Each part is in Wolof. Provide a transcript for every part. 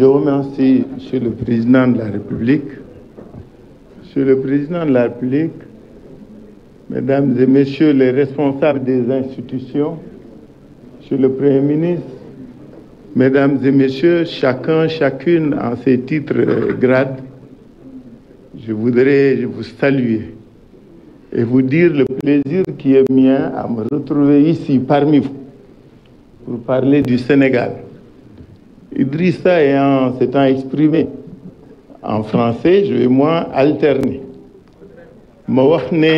Je remercie Monsieur le Président de la République, Monsieur le Président de la République, Mesdames et Messieurs les responsables des institutions, Monsieur le Premier ministre, Mesdames et Messieurs, chacun, chacune en ses titres et euh, grades, je voudrais vous saluer et vous dire le plaisir qui est mien à me retrouver ici parmi vous pour parler du Sénégal Idrissa ayant s'étant exprimé en français je vais moi alterner ma wax ne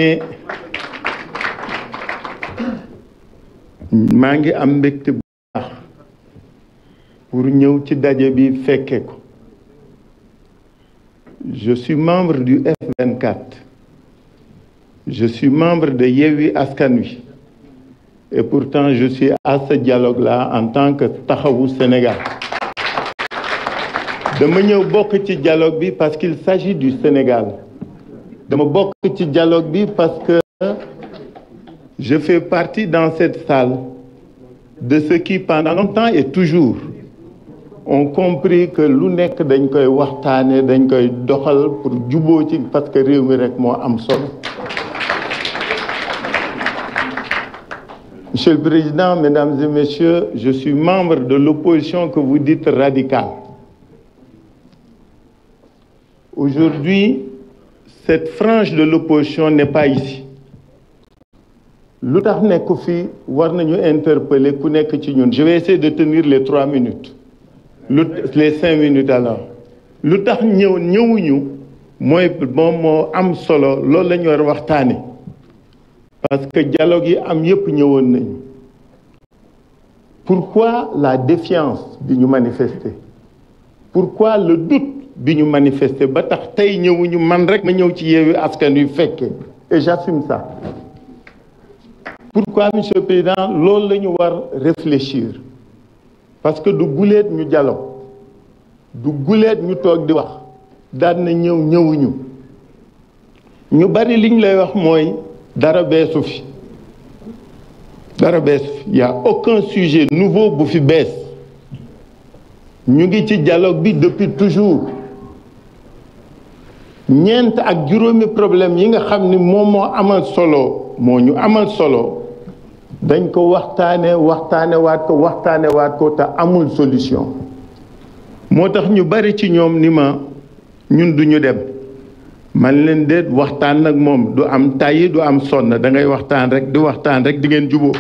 maa ngi am mbégte pour ñëw ci daje bi fekke ko je suis membre du F24 je suis membre de Yewwi Askan Wi et pourtant je suis à ce dialogue-là en tant que Taxawu Sénégal dama ñëw bokk ci dialogue bi parce qu'il s'agit du Sénégal dama bokk ci dialogue bi parce que je fais partie dans cette salle de ceux qui pendant longtemps et toujours on compris que lu nekk dañ koy waxtaane dañ koy doxal pour juboo ci parce que réew mi rek moo am sol Monsieur le Président, Mesdames et Messieurs, je suis membre de l'opposition que vous dites radicale Aujourd'hui, cette frange de l'opposition n'est pas ici. lu tax nekku fi war nañu interpeller ku nekk ci ñun je vais essayer de tenir les trois minutes lu les cinq minutes alors lu tax ñëw ñëwuñu mooy moom moo am solo loolu lañu ñu war waxtaane parce que dialogue yi am yépp ñëwoon nañu pourquoi la défiance bi ñu manifester pourquoi le doute bi ñu manifester ba tax tey ñëwuñu man rek ma ñëw ci yeewi askan wi fekke et j'assume ça pourquoi monsieur le président loolu la ñu war réfléchir parce que du guleet ñu dialogue du guleet ñu toog di wax daan na ñëw ñëwuñu ñu bari liñ lay wax mooy dara beesu fi dara bees y a aucun sujet nouveau bu fi bees ñu ngi ci dialogue bi depuis toujours ñeent ak juróomi problème yi nga xam ni moom moo amal solo moo ñu amal solo dañ ko waxtaane waxtaane waat ko waxtaane waat ko te amul solution moo tax ñu bari ci ñoom ni ma ñun duñu dem man leen déet waxtaan nag moom du am tàyyi du am sonn da ngay waxtaan rek di waxtaan rek di ngeen juboo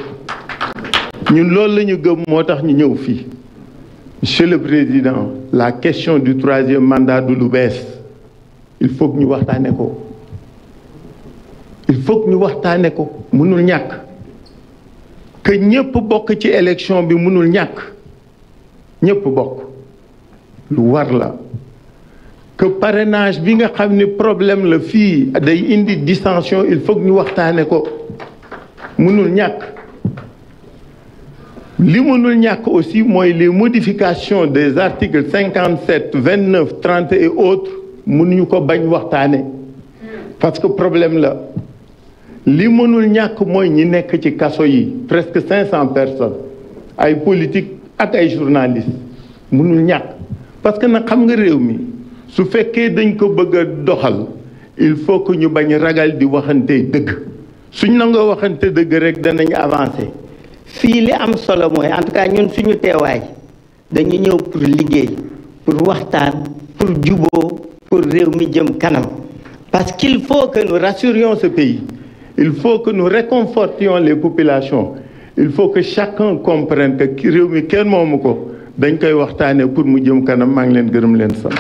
ñun loolu lañu gëm moo tax ñu ñëw fii monsieur le président la question du troisième mandat du lu bees il faut que ñu waxtaane ko il faut que ñu waxtaane ko mënul ñàkk que ñëpp bokk ci élection bi mënul ñàkk ñëpp bokk lu war la que parenage bi nga xam ni problème la fii day indi dissension il faut que ñu waxtaane ko mënul ñàkk li mënul ñàkk aussi mooy les modification des articles cinquante sept vingt neuf et autres mënuñu ko bañ waxtaane parce que problème la li mënul ñàkk mooy ñi nekk ci kaso yi presque cinq cent personne ay politique ak ay journalistes mënul ñàkk parce que nag xam nga réew mi su fekkee dañ ko bëgg a doxal il faut que ñu bañ ragal di waxante dëgg suñ nangoo waxante dëgg rek danañ avancer. fii li am solo mooy en tout ñun suñu teewaay dañu ñëw pour liggéey pour waxtaan pour juboo pour réew mi jëm kanam parce qu'il faut que nous rassurions ce pays il faut que nous réconfortions les populations il faut que chacun comprenne que réew mi kenn moomu ko dañ koy waxtaanee pour mu jëm kanam maa ngi leen gërëm leen sant